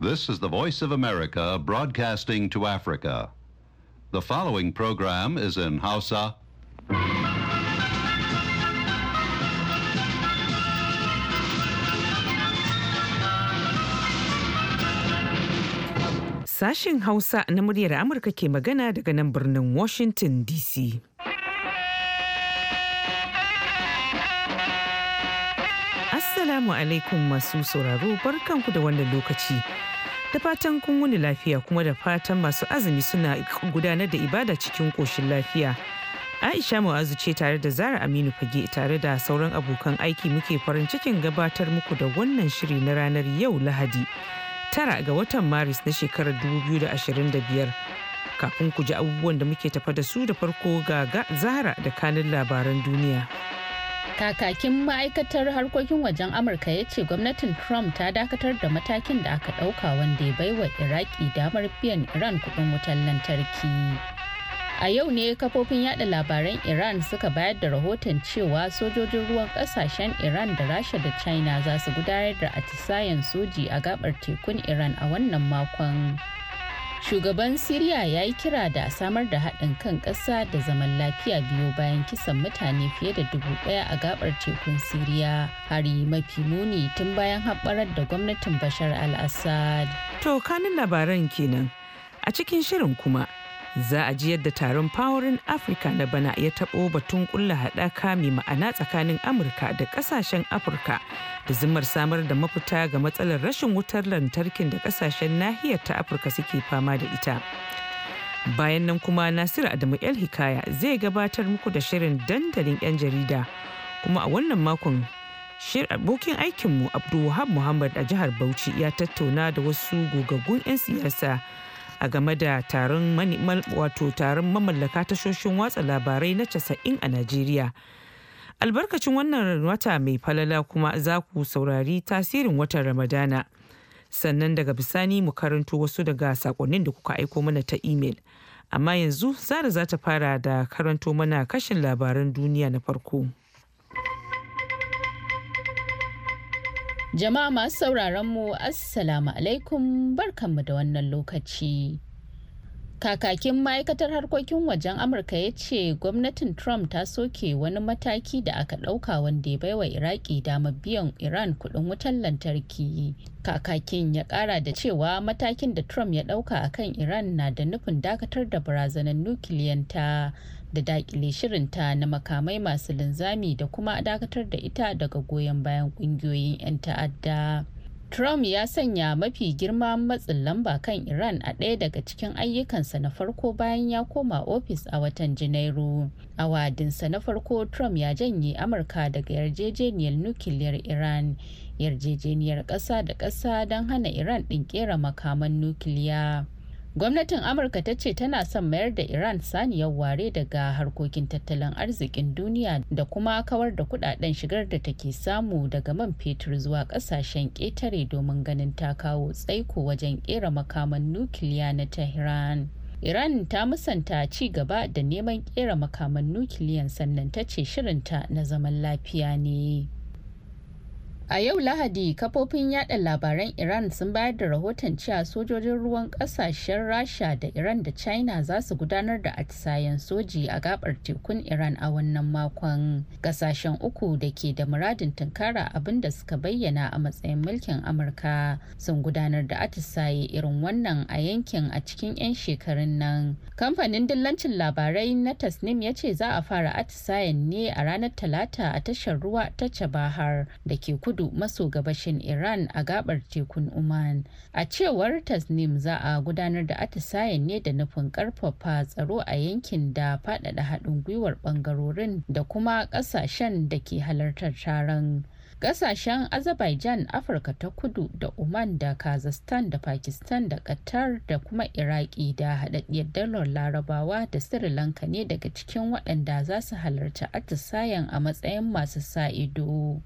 This is the Voice of America broadcasting to Africa. The following program is in Hausa. Sashen Hausa na muryar Amurka ke magana daga nan birnin Washington DC. Assalamu alaikum masu sauraro barkanku da wannan lokaci. Da fatan kun wuni lafiya kuma da fatan masu azumi suna gudanar da ibada cikin koshin lafiya. Aisha Mu'azu ce tare da Zara Aminu Fage tare da sauran abokan aiki muke farin cikin gabatar muku da wannan shiri na ranar yau Lahadi. Tara ga watan Maris na shekarar 2025. Kafin ku ji abubuwan da muke tafa da su da farko ga Zara da kanin labaran duniya. kakakin ma'aikatar harkokin wajen amurka ya ce gwamnatin trump ta dakatar da matakin da aka ɗauka wanda ya baiwa iraki damar biyan iran kudin wutar lantarki a yau ne kafofin yada labaran iran suka bayar da rahoton cewa sojojin ruwan kasashen iran da rasha da china za su gudanar da atisayen soji a gabar tekun iran a wannan makon. shugaban siriya ya yi kira da samar da haɗin kan ƙasa da zaman lafiya biyu bayan kisan mutane fiye da dubu ɗaya a gabar tekun siriya hari mafi muni tun bayan haɓarar da gwamnatin bashar al-assad to kanin labaran kenan a cikin shirin kuma za a ji yadda taron powering africa na bana ya taɓo batun ƙulla haɗaka mai ma'ana tsakanin amurka da ƙasashen afirka da zimmar samar da mafita ga matsalar rashin wutar lantarkin da ƙasashen nahiyar ta afirka suke fama da ita bayan nan kuma nasiru adamu el hikaya zai gabatar muku da shirin dandalin 'yan jarida kuma a wannan makon abokin aikinmu abdulwahab muhammad a jihar bauchi ya tattauna da wasu gogaggun 'yan siyasa a game da taron wato taron mamallaka tashoshin watsa labarai na casa'in a Najeriya. Albarkacin wannan wata mai falala kuma za ku saurari tasirin watan Ramadana. Sannan daga bisani mu karanto wasu daga sakonnin da kuka aiko mana ta imel. Amma yanzu Zara za ta fara da karanto mana kashin labaran duniya na farko. Jama'a masu sauraron mu Assalamu alaikum barkanmu da wannan lokaci. Kakakin ma'aikatar harkokin wajen Amurka ya ce gwamnatin Trump ta soke wani mataki da aka ɗauka wanda ya baiwa Iraki damar biyan Iran kuɗin wutar lantarki. Kakakin ya ƙara da cewa matakin da Trump ya ɗauka akan Iran na da nufin dakatar da barazanar nukiliyanta. da dakile shirinta na makamai masu linzami da kuma dakatar da ita daga goyon bayan kungiyoyin 'yan ta'adda. Trump ya sanya mafi girma matsin lamba kan Iran a ɗaya daga cikin ayyukansa na farko bayan ya koma ofis a watan Janairu. A wadinsa na farko, Trump ya janye Amurka daga yarjejeniyar nukiliyar Iran, yarjejeniyar ƙasa da ƙasa don hana Iran ɗin ƙera makaman nukiliya. gwamnatin amurka ta ce tana son mayar da iran saniyar ware daga harkokin tattalin arzikin duniya da kuma kawar da kudaden shigar da take samu daga man fetur zuwa kasashen ƙetare domin ganin ta kawo tsaiko wajen kera makaman nukiliya na tehran iran ta musanta ci gaba da neman kera makaman nukiliyan sannan ta ce shirinta na zaman lafiya ne A yau Lahadi, kafofin yada labaran Iran sun bayar da rahoton cewa sojojin ruwan kasashen Rasha da Iran da China za su gudanar da atisayen soji a gabar tekun Iran a wannan makon. Kasashen uku da ke da muradin tunkara abin da suka bayyana a matsayin mulkin Amurka sun gudanar da atisaye irin wannan a yankin a cikin 'yan shekarun nan. Kamfanin dillancin labarai na Tasnim ya ce za a fara atisayen ne a ranar Talata a tashar ruwa ta Chabahar da ke kudu kudu maso gabashin Iran a gabar tekun Oman. A cewar Tasnim za a gudanar da atisayen ne da nufin karfafa tsaro a yankin da faɗaɗa haɗin gwiwar ɓangarorin da kuma ƙasashen da ke halartar taron. Ƙasashen Azerbaijan, Afirka ta kudu da Oman da Kazakhstan da Pakistan da Qatar da kuma Iraki da haɗaɗɗiyar dalar Larabawa da Sri Lanka ne daga cikin waɗanda za su halarci atisayen a matsayin masu sa ido.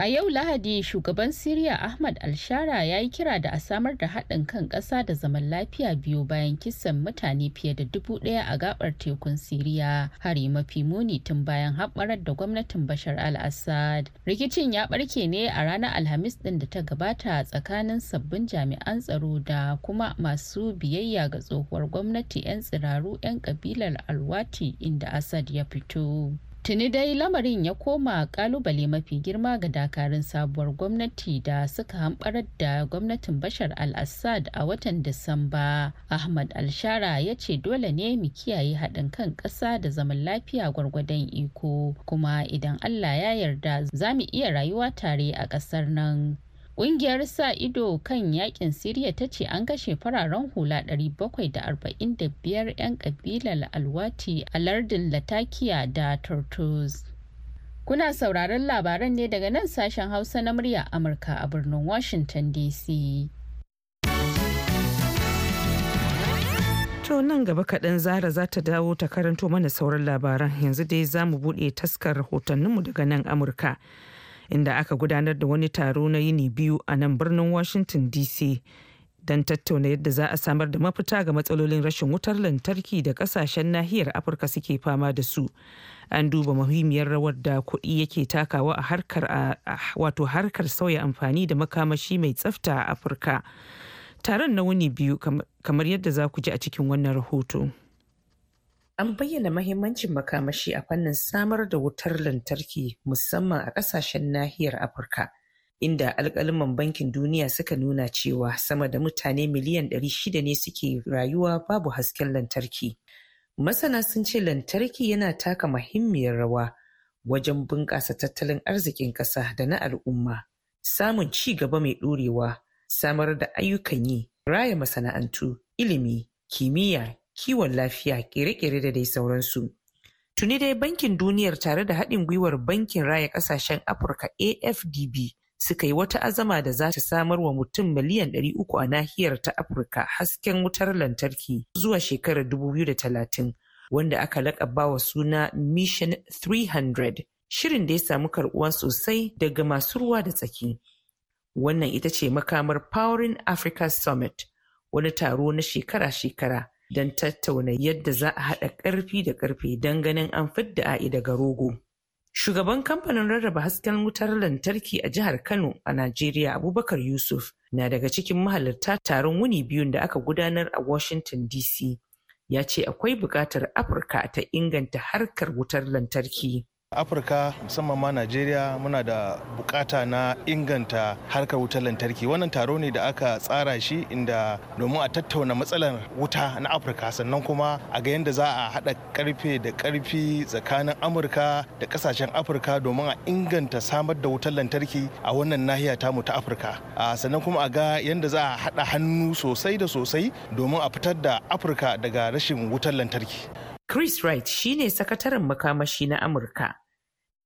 A yau Lahadi shugaban Siriya Ahmad alshara ya yi kira da a samar da haɗin kan ƙasa da zaman lafiya biyu bayan kisan mutane fiye da dubu ɗaya a gabar tekun Siriya hari mafi muni tun bayan haɓarar da gwamnatin Bashar al-Assad. Rikicin ya ɓarke ne a ranar Alhamis ɗin da ta gabata tsakanin sabbin jami'an tsaro da kuma masu biyayya ga tsohuwar gwamnati 'yan tsiraru 'yan kabilar Alwati inda Assad ya fito. Tuni dai lamarin ya koma kalubale mafi girma ga dakarun sabuwar gwamnati da suka hamɓarar da gwamnatin Bashar al-Assad a watan Disamba. Ahmad Alshara ya ce dole ne mu kiyaye haɗin kan ƙasa da zaman lafiya gwargwadon iko, kuma idan Allah ya yarda za mu iya rayuwa tare a ƙasar nan. Ƙungiyar sa ido kan yakin Siriya ta ce an kashe fararen hula 745 'yan kabilar Alwati a lardin Latakia da Tortoz. Kuna sauraron labaran ne daga nan sashen Hausa na murya Amurka a birnin Washington DC. To nan gaba kaɗan Zara za ta dawo ta karanto mana sauran labaran yanzu dai za mu buɗe taskar rahotanninmu daga nan Amurka. inda aka gudanar da wani taro na yini biyu a nan birnin washington dc don tattauna yadda za a samar da mafita ga matsalolin rashin wutar lantarki da kasashen nahiyar afirka suke fama da su an duba muhimmiyar rawar da kuɗi yake takawa a harkar wato harkar sauya amfani da makamashi mai tsafta a afirka taron na wuni biyu kamar yadda za ku ji a cikin wannan rahoto. An bayyana mahimmancin makamashi a fannin samar da wutar lantarki musamman a ƙasashen nahiyar Afirka, inda alkaliman Bankin Duniya suka nuna cewa sama da mutane miliyan 600 ne suke rayuwa babu hasken lantarki. Masana sun ce lantarki yana taka muhimmiyar rawa wajen bunƙasa tattalin arzikin ƙasa da na al'umma, samun ci gaba mai ɗorewa, samar da ayyukan yi, raya masana'antu, ilimi, kimiyya kiwon lafiya, kere-kere da dai sauransu. Tuni dai Bankin Duniyar tare da haɗin gwiwar Bankin Raya Ƙasashen Afirka AFDB suka yi wata azama da za ta samar wa mutum miliyan 300 a nahiyar ta Afirka hasken wutar lantarki zuwa shekarar 2030 wanda aka laƙaba wa suna Mission 300. Shirin da ya samu karɓuwa sosai daga masu ruwa da tsaki. Wannan ita ce makamar Powering Africa Summit, wani taro na shekara-shekara. don tattauna yadda za a haɗa ƙarfi da ƙarfe don ganin an fidda a'i daga rogo. Shugaban kamfanin rarraba hasken wutar lantarki a jihar Kano a Najeriya Abubakar Yusuf na daga cikin mahalarta taron wuni biyun da aka gudanar a Washington DC. Ya ce akwai buƙatar Afirka ta inganta harkar wutar lantarki. afirka musamman ma najeriya muna da bukata na inganta harkar wutar lantarki wannan taro ne da aka tsara shi inda domin a tattauna matsalar wuta na afirka sannan kuma a ga yadda za a haɗa karfe da karfi tsakanin amurka da kasashen afirka domin a inganta samar da wutar lantarki a wannan nahiya tamu ta afirka sannan kuma a ga yadda za a haɗa hannu sosai da sosai domin a fitar da afirka daga rashin wutar lantarki Chris Wright ne sakataren makamashi na Amurka.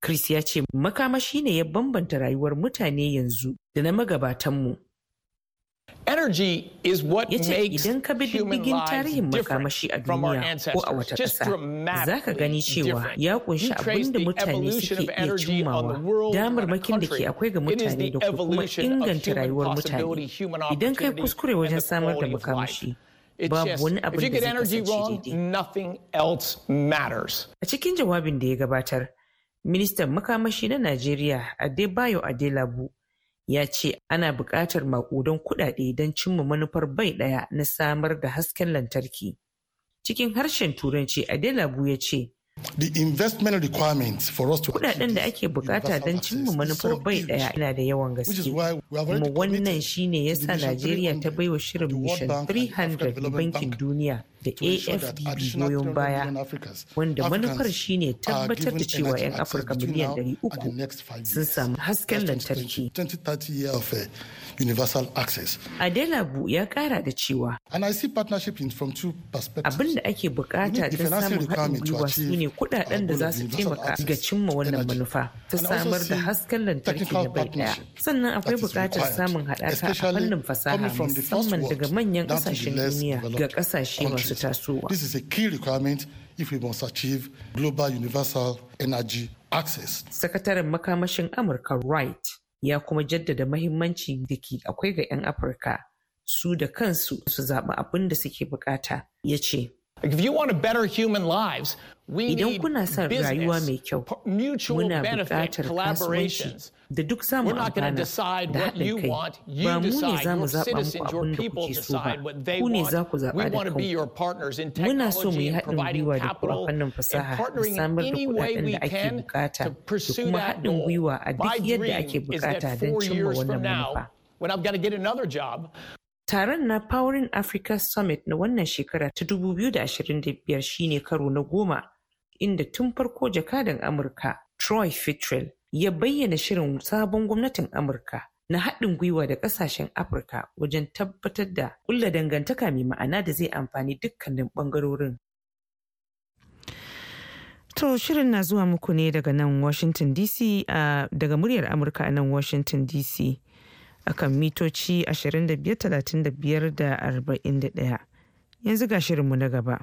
Chris ya ce makamashi ne ya bambanta rayuwar mutane yanzu da na magabatanmu. Energy is what ya ce idan ka bi diddigin tarihin makamashi a duniya ko a wata ƙasa za ka gani cewa ya kunshi abin da mutane suke iya damar damarmakin da ke akwai ga mutane da kuma inganta rayuwar mutane idan kai kuskure wajen samar da makamashi. Babu wani abin da zai kasance daidai. A cikin jawabin da ya gabatar, ministan makamashi na Najeriya Adebayo Adelabu ya ce ana buƙatar maƙudan kuɗaɗe don cimma manufar bai ɗaya na samar da hasken lantarki. Cikin harshen Turanci Adelabu ya ce, Kudaden da ake bukata don cimma manufar bai daya yana da yawan gaske. Kuma wannan shine ya sa Najeriya ta baiwa shirin Mission 300 na Bankin Duniya da AFDB goyon baya wanda manufar shine tabbatar da cewa 'yan Afirka miliyan 300 sun samu hasken lantarki. Eh, universal access. Adelabu ya kara da cewa. And I see partnership in from two perspectives. Abin da ake bukata don samun haɗin gwiwa su ne kuɗaɗen da za su taimaka ga cimma wannan manufa ta samar da hasken lantarki na bai ɗaya. Sannan akwai bukatar samun haɗaka a fannin fasaha musamman daga manyan ƙasashen duniya ga ƙasashe masu tasowa. This is a key requirement if we must achieve global universal energy access. Sakataren makamashin Amurka Wright ya kuma jaddada mahimmanci da ke akwai ga 'yan Afirka su da kansu su zaɓi abin da suke bukata ya ce. Idan kuna son rayuwa mai kyau, muna buƙatar kasuwanci da duk samu amfana da haɗin kai ba mu ne za mu zaɓa muku abin da kuke so ba ku ne za ku zaɓa da kanku muna so mu yi haɗin gwiwa da ku a fannin fasaha da samar da kuɗaɗen da ake bukata da kuma haɗin gwiwa a duk yadda ake bukata don cimma wannan manufa. Taron na Powering Africa Summit na wannan shekara ta 2025 shine karo na goma inda tun farko jakadan Amurka Troy Fitrell ya bayyana shirin sabon gwamnatin Amurka na haɗin gwiwa da ƙasashen Afirka wajen tabbatar da ƙulla dangantaka mai ma'ana da zai amfani dukkanin ɓangarorin. To shirin na zuwa muku ne daga nan Washington DC daga muryar Amurka a nan Washington DC kan mitoci 25, 31 da 41. Yanzu ga shirinmu na gaba.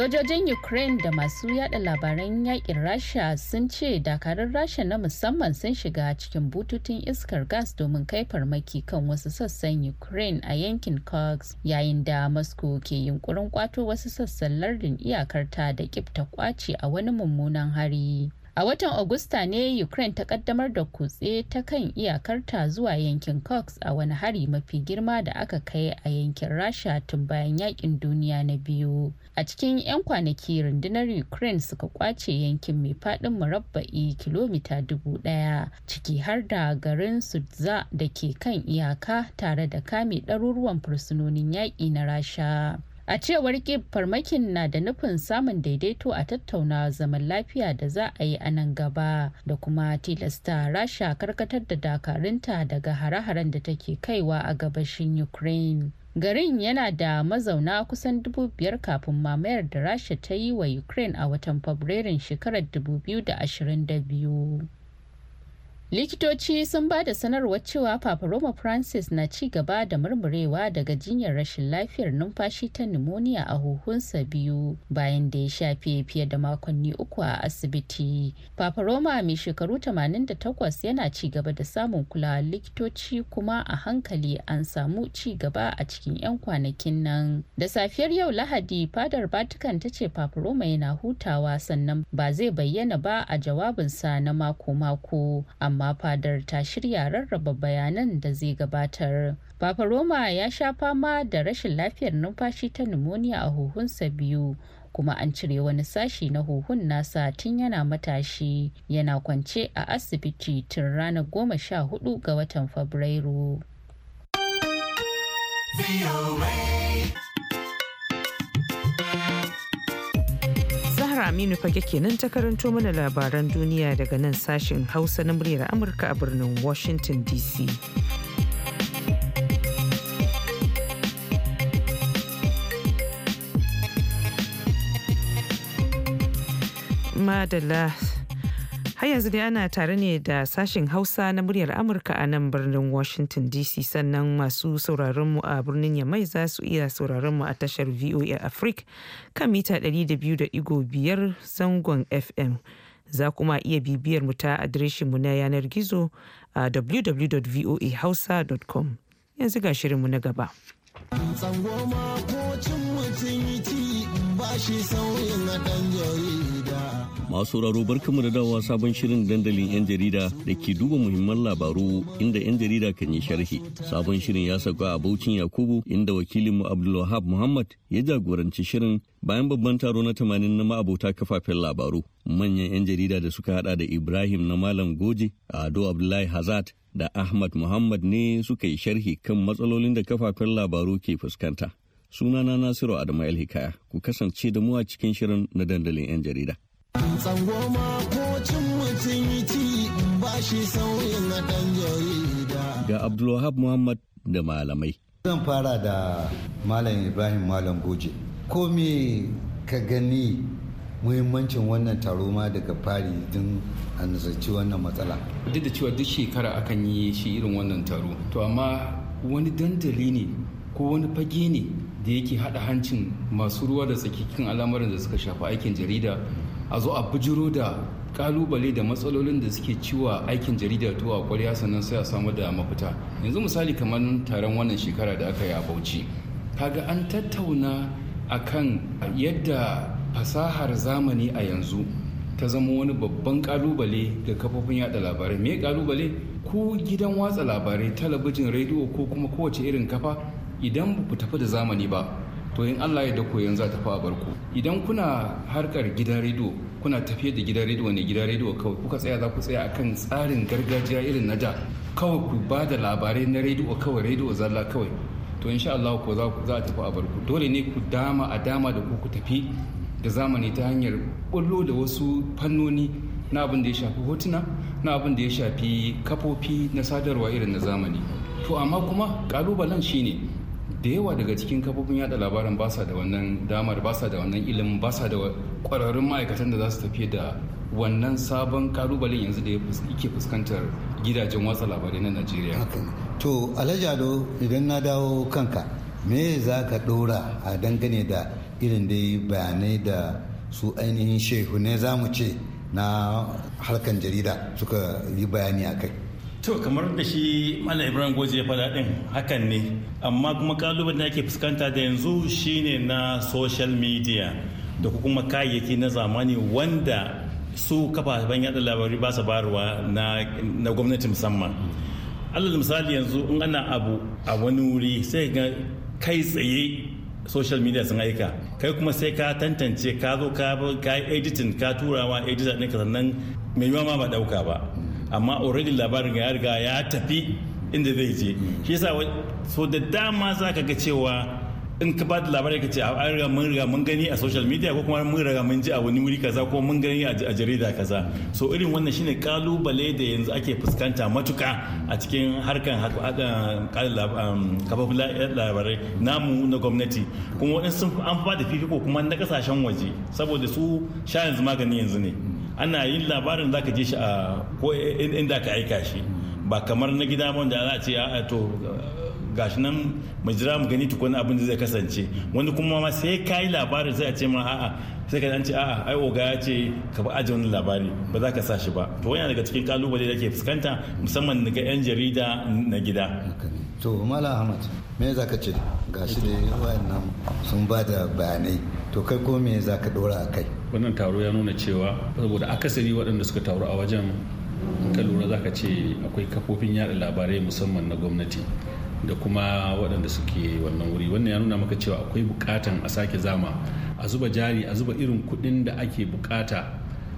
Sojojin Ukraine da masu yada labaran yakin Rasha sun ce dakarun Rasha na musamman sun shiga cikin bututun iskar gas domin kai farmaki kan wasu sassan Ukraine a yankin Cox yayin da Moscow ke yunkurin kwato wasu sassan lardin iyakarta da kif kwaci a wani mummunan hari. A watan Agusta ne Ukraine ta kaddamar da kutse ta kan iyakarta zuwa yankin Cox a wani hari mafi girma da aka kai a yankin Rasha tun bayan Yakin Duniya na Biyu. A cikin 'yan kwanaki rundunar Ukraine suka kwace yankin mai faɗin murabba'i kilomita dubu 1,000 ciki har da garin Sudza da ke kan iyaka tare da kame ɗaruruwan fursunonin yaƙi na Rasha. A cewar Kyiv farmakin na da nufin samun daidaito a tattauna zaman lafiya da za a yi a nan gaba da kuma tilasta Rasha karkatar da dakarunta daga hare-haren da take kaiwa a gabashin Ukraine. Garin yana da mazauna kusan dubu kafin mamayar da Rasha ta yi wa Ukraine a watan Fabrairun shekarar 2022. likitoci sun ba da sanarwar cewa paparoma francis na ci gaba da murmurewa daga jinyar rashin lafiyar numfashi ta pneumonia a huhunsa biyu bayan da ya shafe fiye da makonni uku a asibiti paparoma mai shekaru 88 yana ci gaba da samun kulawar likitoci kuma a hankali an samu ci gaba a cikin 'yan kwanakin nan da safiyar yau lahadi fadar vatican ta ce paparoma yana hutawa sannan ba zai bayyana ba a jawabinsa na mako-mako amma amma fadar ta shirya rarraba bayanan da zai gabatar. Papa Roma ya sha fama da rashin lafiyar numfashi ta pneumonia a huhunsa biyu kuma an cire wani sashi na huhun nasa tun yana matashi yana kwance a asibiti tun ranar goma sha hudu ga watan Fabrairu. jihar aminu fage kenan ta karanto mana labaran duniya daga nan sashen hausa na muryar amurka a birnin washington dc madalla Har yanzu dai ana tare ne da sashen Hausa na muryar Amurka a nan birnin Washington DC sannan masu sauraronmu a birnin Yamai za su iya sauraronmu a tashar VOA Africa kan mita 200.5 zangon FM. Za kuma iya bibiyar mu ta mu na yanar gizo a www.voahausa.com. Yanzu ga shirinmu na gaba. ko cin mutum ba shi sauyin na ɗan Masu sauraro barkamu da dawa sabon shirin dandalin 'yan jarida da ke duba muhimman labaru inda 'yan jarida kan yi sharhi. Sabon shirin ya sauka a Baucin Yakubu inda wakilinmu Abdulwahab Muhammad ya jagoranci shirin bayan babban taro na tamanin na ma'abota kafafen labaru. Manyan 'yan jarida da suka hada da Ibrahim na Malam Goje, Ado Abdullahi Hazat da Ahmad Muhammad ne suka yi sharhi kan matsalolin da kafafen labaru ke fuskanta. Sunana Nasiru Adamu El Hikaya, ku kasance da mu a cikin shirin na dandalin 'yan jarida. tsangoma ko cin mutum ci ba shi sauyin na dan jarida. Ga Abdulwahab Muhammad da malamai. Zan fara da Malam Ibrahim Malam Goje. Ko me ka gani muhimmancin wannan taro ma daga fari don a nazarci wannan matsala. Duk da cewa duk shekara akan yi shi irin wannan taro. To amma wani dandali ne ko wani fage ne da yake hada hancin masu ruwa da tsakikin al'amuran da suka shafi aikin jarida a zo a bijiro da kalubale da matsalolin da suke ciwa aikin jarida tuwa a kwarya sannan sai a samu da mafita yanzu misali kamar taron wannan shekara da aka yi a bauchi kaga an tattauna a kan yadda fasahar zamani a yanzu ta zama wani babban kalubale ga kafofin yada labarai me kalubale ko gidan watsa labarai talabijin rediyo ko kuma kowace irin kafa idan ba ku tafi da zamani ba to in Allah ya da koyon za ta fa barku idan kuna harkar gidan rediyo kuna tafiye da gidan rediyo ne gidan rediyo kawai kuka tsaya za ku tsaya akan tsarin gargajiya irin na da kawai ku ba da labarai na rediyo kawai rediyo zalla kawai to insha Allah ko za ku za a tafi a barku dole ne ku dama a dama da ku ku tafi da zamani ta hanyar bullo da wasu fannoni na abin da ya shafi hotuna na abin da ya shafi kafofi na sadarwa irin na zamani to amma kuma kalubalen shine da yawa daga cikin kafofin yada labarin ba sa da wannan damar ba sa da wannan ilimin ba sa da kwararrun ma'aikatan da za su tafi da wannan sabon kalubalen yanzu da yake fuskantar gidajen watsa labarai na najeriya to alajado idan na dawo kanka me za ka ɗora a dangane da irin dai bayanai da su ainihin shehu ne za mu ce na harkan jarida suka yi bayani a kai to kamar da shi malam ibrahim goji ya faɗa ɗin hakan ne amma kuma kalubalen da ake fuskanta da yanzu shine na social media da kuma kayayyaki na zamani wanda su kafafen yada labarai ba su barwa na gwamnati musamman Allah misali yanzu in ana abu a wani wuri sai ga kai tsaye social media sun aika kai kuma sai ka tantance ka zo ka yi editing ka turawa editor ɗinka sannan mai yiwa ma ba ɗauka ba amma already labarin ya riga ya tafi inda zai je shi yasa so da dama za ka ga cewa in ka ba da ka ce an riga mun riga mun gani a social media ko kuma mun riga mun ji a wani wuri kaza ko mun gani a jarida kaza so irin wannan shine kalubale da yanzu ake fuskanta matuka a cikin harkan um, kafafun eh, labarai namu na gwamnati kuma waɗansu an fa da fifiko kuma na kasashen waje saboda su sha yanzu magani yanzu ne ana yin labarin da ka je shi a ko inda ka aika shi ba kamar na gida wanda za a ce a to gashi nan mu jira mu gani tukuna abin da zai kasance wani kuma ma sai ka yi labarin sai a ce ma a'a sai ka dan ce a'a ai oga ya ce ka ba aje wani labari ba za ka sa shi ba to wani daga cikin kalubale da ke fuskanta musamman daga yan jarida na gida to mala ahmad me za ka ce gashi dai wayannan sun ba da bayanai to kai ko me za ka dora a kai wannan taro ya nuna cewa saboda akasari waɗanda suka taru a wajen ka lura za ka ce akwai kafofin yada labarai musamman na gwamnati da kuma waɗanda suke wannan wuri wannan ya nuna maka cewa akwai bukatan a sake zama a zuba jari a zuba irin kuɗin da ake bukata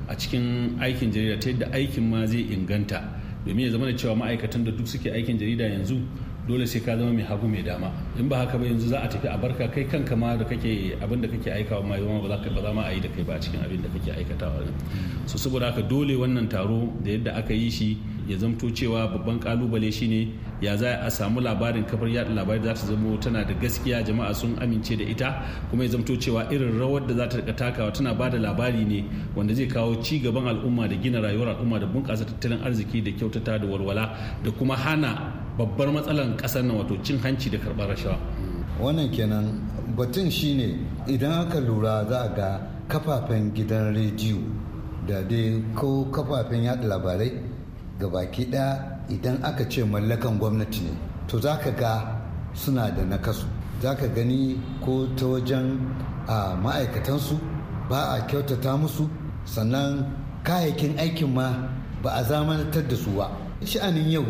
a cikin aikin jarida ta yadda aikin ma zai inganta domin ya zama da cewa ma'aikatan da duk suke aikin jarida yanzu dole sai ka zama mai hagu mai dama in ba haka ba yanzu za a tafi a barka kai kanka ma da kake abin da kake aikawa ma yawan ba za ma a yi da kai ba cikin abin da kake aikatawa ne so saboda haka dole wannan taro da yadda aka yi shi ya zamto cewa babban kalubale shi ne ya za a samu labarin kafar yada labarai za ta zamo tana da gaskiya jama'a sun amince da ita kuma ya zamto cewa irin rawar da za ta takawa tana ba da labari ne wanda zai kawo ci gaban al'umma da gina rayuwar al'umma da bunƙasa tattalin arziki da kyautata da walwala da kuma hana babbar matsalar kasar na wato cin hanci da karɓar rashawa wannan kenan batun shine idan aka lura za a ga kafafen gidan rediyo da dai ko kafafen yada labarai ga baki ɗaya idan aka ce mallakan gwamnati ne to za ka ga suna da nakasu za ka gani ko ta wajen a ma'aikatansu ba a kyautata musu sannan kayayyakin aikin ma ba a zamanantar da su ba sha'anin yau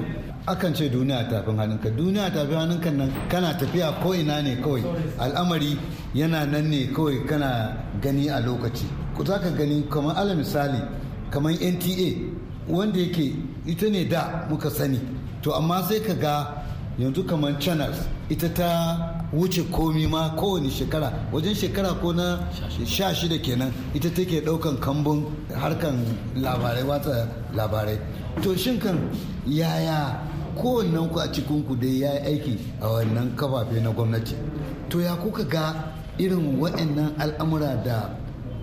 akan ce duniya tafin hannunka duniya tafin hannunka nan kana tafiya ko ina ne kawai al'amari yana nan ne kawai kana gani a lokaci ku za ka gani kamar ala misali kamar nta wanda yake ita ne da muka sani to amma sai ka ga yanzu kamar channels ita ta wuce komi ma kowane shekara wajen shekara ko na sha shida kenan ita take daukan kambun harkan labarai watsa labarai to shin kan yaya kowannen ku a cikin ku dai ya aiki a wannan kafafe na gwamnati to ya kuka ga irin waɗannan al'amura da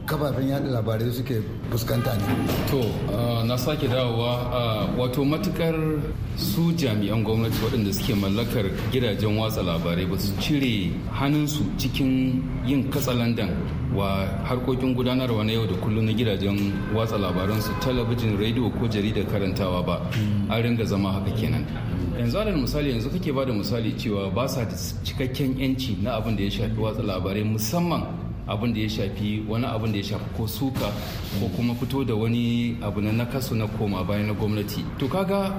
kafafen yada labarai suke fuskanta ne to na sake dawowa wato matukar su jami'an gwamnati waɗanda suke mallakar gidajen watsa labarai ba su cire hannunsu cikin yin katsalandan wa harkokin gudanarwa na yau da kullum na gidajen watsa labaransu talabijin rediyo ko jaridar karantawa ba hmm. an ringa zama haka kenan yanzu alal misali yanzu kake bada misali cewa ba sa da cikakken yanci na abin da ya shafi watsa labarai musamman abin da ya shafi wani abin da ya shafi ko suka ko kuma fito da wani abu na nakasu na koma bayan na gwamnati to kaga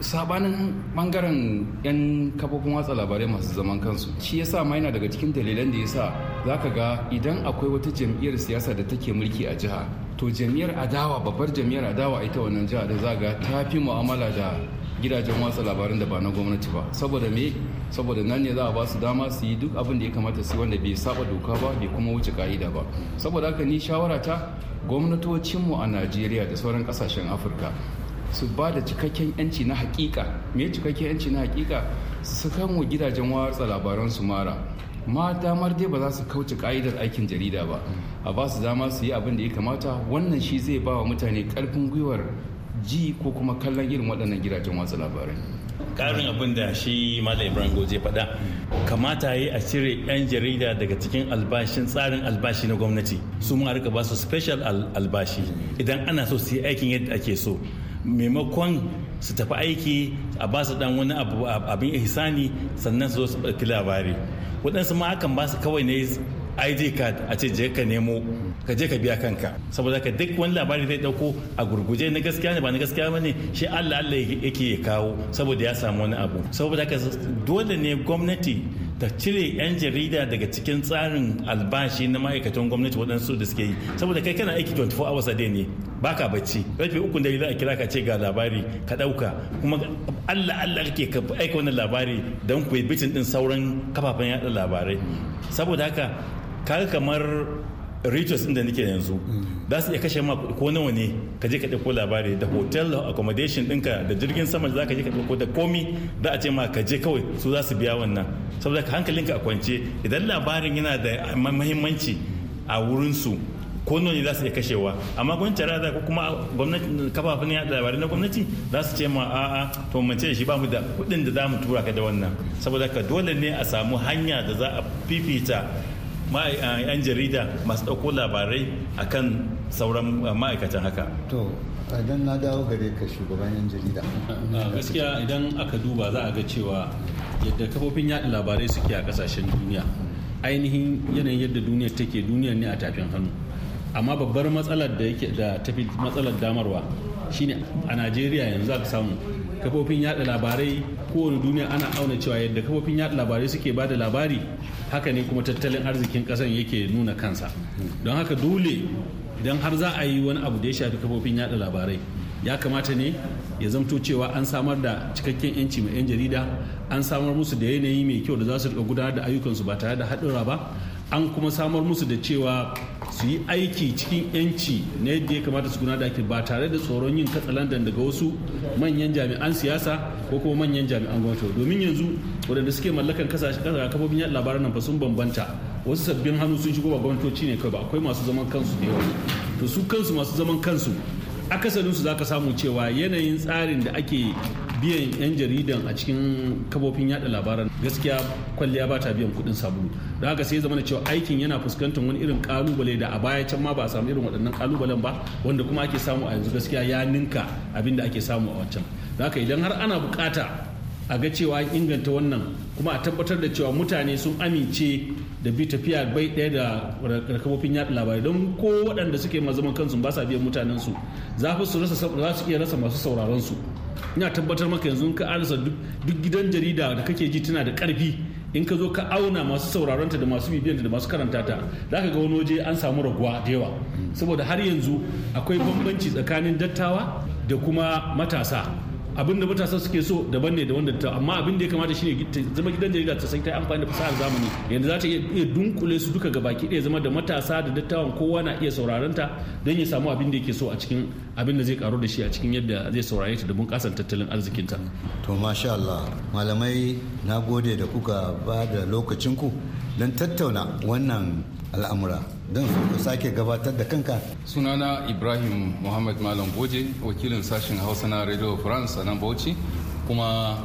sabanin bangaren 'yan kafofin watsa labarai masu zaman kansu shi yasa ma yana daga cikin dalilan da ya sa za ka ga idan akwai wata jam'iyyar siyasa da take mulki a jiha to jam'iyyar adawa babbar jam'iyyar adawa ita wannan jiha da za ga ta fi mu'amala da gidajen watsa labarin da ba na gwamnati ba saboda me saboda nan ne za a ba su dama su yi duk abin da ya kamata su wanda bai saba doka ba bai kuma wuce ka'ida ba saboda haka ni shawara ta gwamnatocinmu a najeriya da sauran kasashen afirka su ba da cikakken yanci na hakika me cikakken yanci na hakika su kan wa gidajen watsa labaran su mara ma damar dai ba za su kauce ka'idar aikin jarida ba a ba su dama su yi abin da ya kamata wannan shi zai ba wa mutane karfin gwiwar ji ko kuma kallon irin waɗannan gidajen watsa labarai karin abin da shi malam ibrahim goje faɗa kamata yi a cire 'yan jarida daga cikin albashin tsarin albashi na gwamnati su ma rika ba su special albashi idan ana so su yi aikin yadda ake so maimakon su tafi aiki a ba su dan wani abin ihsani sannan su zo su ɗauki labari waɗansu ma hakan ba su kawai ne id card a ce je ka nemo ka je ka biya kanka saboda ka duk wani labari zai dauko a gurguje na gaskiya ne ba na gaskiya ba ne shi allah allah yake ya kawo saboda ya samu wani abu saboda ka dole ne gwamnati ta cire 'yan jarida daga cikin tsarin albashi na ma'aikatan gwamnati waɗansu da suke yi saboda kai kana aiki 24 hours a day ne baka bacci karfe uku da za a kira ka ce ga labari ka ɗauka kuma allah allah kake ka aika wannan labari don ku yi bitin din sauran kafafen yaɗa labarai saboda haka kaga kamar ritos din da nake yanzu za su iya kashe ma ko nawa ne ka je ka ɗauko labari da hotel accommodation ɗinka da jirgin sama da za ka je ka ɗauko da komi za a ce ma ka je kawai su za su biya wannan saboda ka hankalinka a kwance idan labarin yana da mahimmanci a wurinsu ko nawa ne za su iya kashewa amma gwamnati rada ko kuma gwamnati kafafen yaɗa labarai na gwamnati za su ce ma a'a to mance da shi ba mu da kuɗin da za mu tura ka da wannan saboda ka dole ne a samu hanya da za a fifita ma'aikatan ah, jarida masu ɗauko labarai akan sauran ah, ma'aikatan haka to idan na dawo gare ka shugaban 'yan jarida gaskiya idan aka duba za a ga cewa yadda kafofin yaɗa labarai suke a kasashen duniya ainihin yanayin yadda duniya take duniya ne a tafin hannu amma babbar matsalar da yake da tafi matsalar damarwa shine a najeriya yanzu aka samu kafofin yada labarai kowane duniya ana auna cewa yadda kafofin yada labarai suke ba da labari haka ne kuma tattalin arzikin kasan yake nuna kansa don haka dole idan har za a yi wani abu da ya shafi kafofin yada labarai ya kamata ne ya zamto cewa an samar da cikakken yanci mai 'yan jarida an samar musu da yanayi mai kyau da za su gudanar da ayyukansu ba tare da haɗura ba an kuma samar musu da cewa su yi aiki cikin yanci na yadda ya kamata su guna da ake ba tare da tsoron yin katsalandan daga wasu manyan jami'an siyasa ko kuma manyan jami'an gwamnati domin yanzu waɗanda suke mallakan kasashe kafofin yadda labaran nan ba sun bambanta wasu sabbin hannu sun shigo ba gwamnatoci ne kawai ba akwai masu zaman kansu da yawa to su kansu masu zaman kansu su za ka samu cewa yanayin tsarin da ake biyan 'yan jaridan a cikin kafofin yada labaran gaskiya kwalliya ba ta biyan kudin sabulu da haka sai zama cewa aikin yana fuskantar wani irin kalubale da a baya can ma ba a samu irin waɗannan kalubalen ba wanda kuma ake samu a yanzu gaskiya ya ninka abin da ake samu a wancan da haka idan har ana bukata a ga cewa an inganta wannan kuma a tabbatar da cewa mutane sun amince da bi tafiya bai ɗaya da kafofin yaɗa labarai don ko waɗanda suke mazaman kansu ba sa biyan mutanen su za su iya rasa masu sauraron su ina tabbatar maka yanzu ka arsa duk gidan jarida da kake ji tana da ƙarfi in ka zo ka auna masu sauraronta da masu bibiyan da masu karanta ta za ka ga wani waje an samu raguwa da yawa saboda har yanzu akwai bambanci tsakanin dattawa da kuma matasa abin da matasa suke so daban ne da wanda ta amma abin da ya kamata shine zama gidan jarida ta sai ta amfani da fasahar zamani yadda za ta iya dunkule su duka ga baki ɗaya zama da matasa da dattawan kowa na iya sauraron ta don ya samu abin da yake so a cikin abin da zai karu da shi a cikin yadda zai saurare ta da bunƙasar tattalin arzikin ta to masha Allah malamai na gode da kuka ba da lokacin ku. don tattauna wannan al'amura don su sake gabatar da kanka sunana ibrahim muhammad malam goje wakilin sashen hausa na radio france a nan bauchi kuma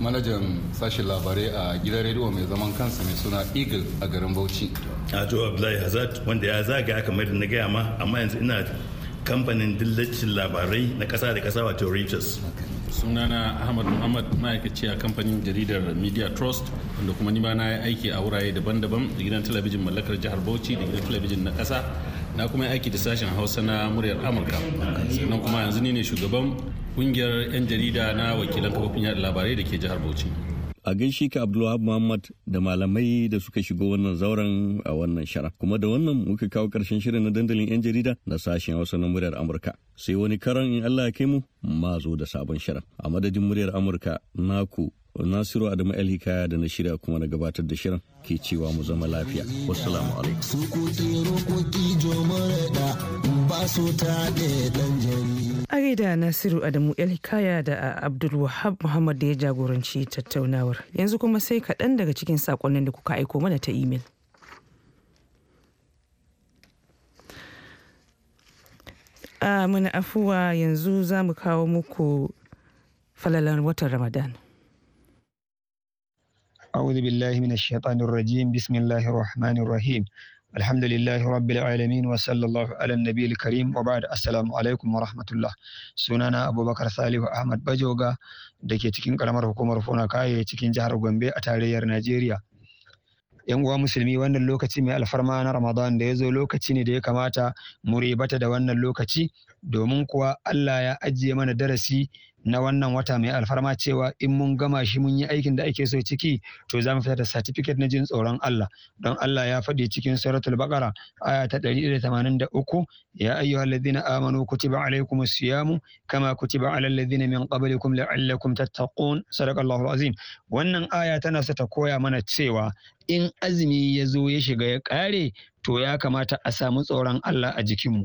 manajan sashen labarai a gidan rediyo mai zaman kansa mai suna eagle a garin bauchi ato abdullahi hazard wanda ya zagaya kamar da na gaya ma amma yanzu ina kamfanin dillacin labarai na kasa da kasa wato reuters sunana ahmad muhammad ma'aikaci a kamfanin jaridar media trust wanda kuma ni ma na yi aiki a wurare daban-daban da gidan talabijin mallakar jihar bauchi da gidan talabijin na kasa na kuma aiki da sashen hausa na muryar amurka sannan kuma yanzu ni ne shugaban kungiyar 'yan jarida na wakilan kafofin yada labarai da ke jihar bauchi a gaishe ka abdulwahab muhammad da malamai da suka shigo wannan zauren a wannan shara kuma da wannan muka kawo karshen shirin na dandalin 'yan jarida na sashen hausa na muryar amurka sai wani karan in Allah ya kai mu ma zo da sabon shirin a madadin muryar Amurka naku Nasiru Adamu Alhikaya da na shirya kuma na gabatar da shirin ke cewa mu zama lafiya. Wassalamu alaikum. Nasiru Adamu alhikaya da Abdul Wahab Muhammad da ya jagoranci tattaunawar. Yanzu kuma sai kaɗan daga cikin saƙonnin da kuka aiko mana ta imel. a ah, muna afuwa yanzu za mu kawo muku falalar watan ramadan. Audu billahi mina shaitanin rajim bismillahi rahmanin rahim alhamdulillahi rabbil alamin wa sallallahu ala nabi karim wa ba'ad assalamu alaikum wa rahmatullah sunana abubakar salihu ahmad bajoga da ke cikin ƙaramar hukumar fona kaye cikin jihar gombe a tarayyar najeriya yan uwa musulmi wannan lokaci mai alfarma na ramadan da ya zo lokaci ne da ya kamata mu ribata da wannan lokaci domin kuwa allah ya ajiye mana darasi na wannan wata mai alfarma cewa in mun gama shi mun yi aikin da ake so ciki to za mu fita da certificate na jin tsoron Allah don Allah ya faɗi cikin suratul baqara aya ta 183 ya ayyuhal ladina amanu kutiba alaykumus siyam kama kutiba alal ladina min qablikum la'allakum tattaqun sadaqallahu azim wannan aya tana sa ta koya mana cewa in azumi ya zo ya shiga ya kare to ya kamata a samu tsoron Allah a jikinmu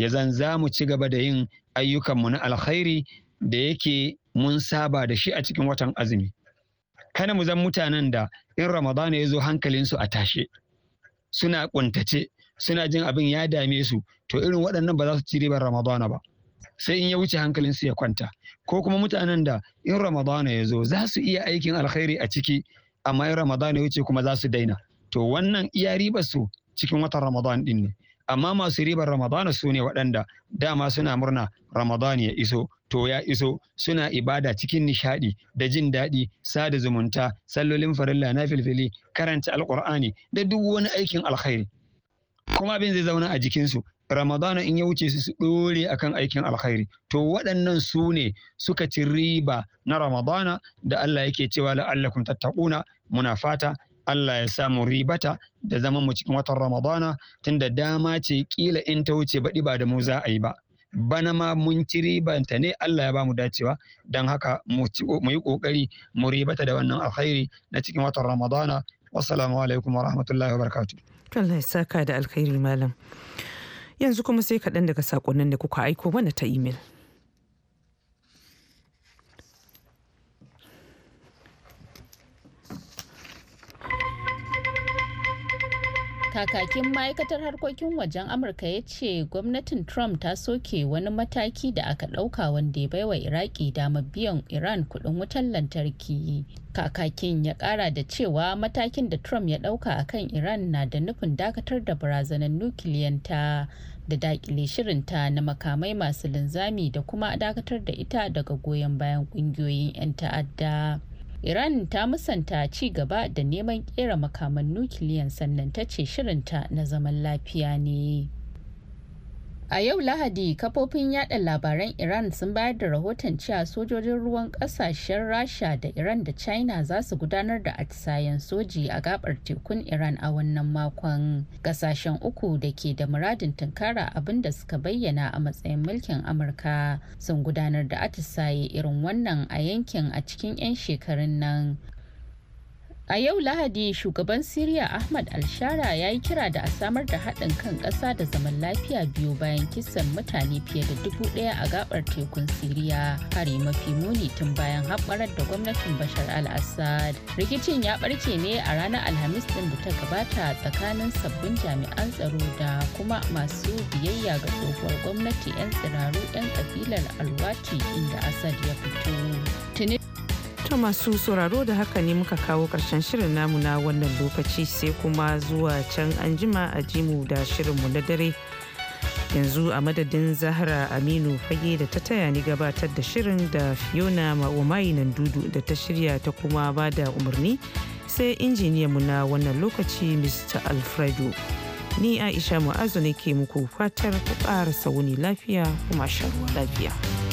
ya zan za mu ci gaba da yin ayyukanmu na alkhairi da yake mun saba da shi a cikin watan azumi kana mu zan mutanen da in ramadana ya zo hankalinsu a tashe suna kuntace suna jin abin ya dame su to irin waɗannan ba za su ci ribar ramadana ba sai in ya wuce hankalinsu ya kwanta ko kuma mutanen da in ramadana ya zo za su iya aikin alkhairi a ciki amma in ramadana ya wuce kuma za su daina to wannan iya ribar su cikin watan Ramadana din ne amma masu ribar ramadana su ne waɗanda dama suna murna ramadan ya iso to ya iso suna ibada cikin nishaɗi da jin daɗi sada zumunta sallolin farilla na filfili karanta alƙur'ani da duk wani aikin alkhairi kuma abin zai zauna a jikinsu ramadana in ya wuce su su ɗore akan aikin alkhairi to waɗannan su ne suka ci riba na ramadana da allah yake cewa la'allakum tattakuna muna fata Allah ya samu ribata da zama mu cikin watan Ramadana tunda dama ce kila in ta wuce baɗi ba da mu za a yi ba. Bana ma mun ci ribanta ne Allah ya ba mu dacewa don haka mu yi ƙoƙari mu ribata da wannan alkhairi na cikin watan Ramadana. Wassalamu alaikum wa rahmatullahi wa barakatu. Allah ya saka da alkhairi malam. Yanzu kuma sai kaɗan daga saƙonnin da kuka aiko mana ta imel. kakakin ma'aikatar harkokin wajen amurka ya ce gwamnatin trump ta soke wani mataki da aka ɗauka wanda ya baiwa iraki damar biyan iran kuɗin wutar lantarki kakakin ya ƙara da cewa matakin da trump ya ɗauka akan iran na da nufin dakatar da barazanar nukiliyanta da dakile shirinta na makamai masu linzami da kuma dakatar da ita daga goyon bayan ƙungiyoyin 'yan ta'adda iran ta musanta ci gaba da neman kera makaman nukiliyan sannan ta ce shirinta na zaman lafiya ne A yau Lahadi, kafofin yada labaran Iran sun bayar da rahoton cewa sojojin ruwan kasashen Rasha da Iran da China za su gudanar da atisayen soji a gabar tekun Iran a wannan makon. ƙasashen uku da ke da muradin tunkara abin da suka bayyana a matsayin mulkin Amurka sun gudanar da atisaye irin wannan a yankin a cikin 'yan shekarun nan. A yau Lahadi shugaban Siriya Ahmad Alshara ya yi kira da a samar da haɗin kan ƙasa da zaman lafiya biyu bayan kisan mutane fiye da dubu ɗaya a gabar tekun Siriya hari mafi muni tun bayan haɓarar da gwamnatin Bashar al-Assad. Rikicin ya ɓarke ne a ranar Alhamis ɗin da ta gabata tsakanin sabbin jami'an tsaro da kuma masu biyayya ga tsohuwar gwamnati 'yan tsiraru 'yan kabilar Alwati inda Assad ya fito. To masu sauraro da haka ne muka kawo ƙarshen shirin namu na wannan lokaci sai kuma zuwa can anjima a jimu da shirinmu na dare. yanzu a madadin zahra aminu fage da ta taya ni gabatar da shirin da fiona wa nan dudu da ta shirya ta kuma ba da umarni sai mu na wannan lokaci mr alfredo ni aisha mu'azu ne ke muku fatar ku ƙara sauni lafiya kuma shan lafiya.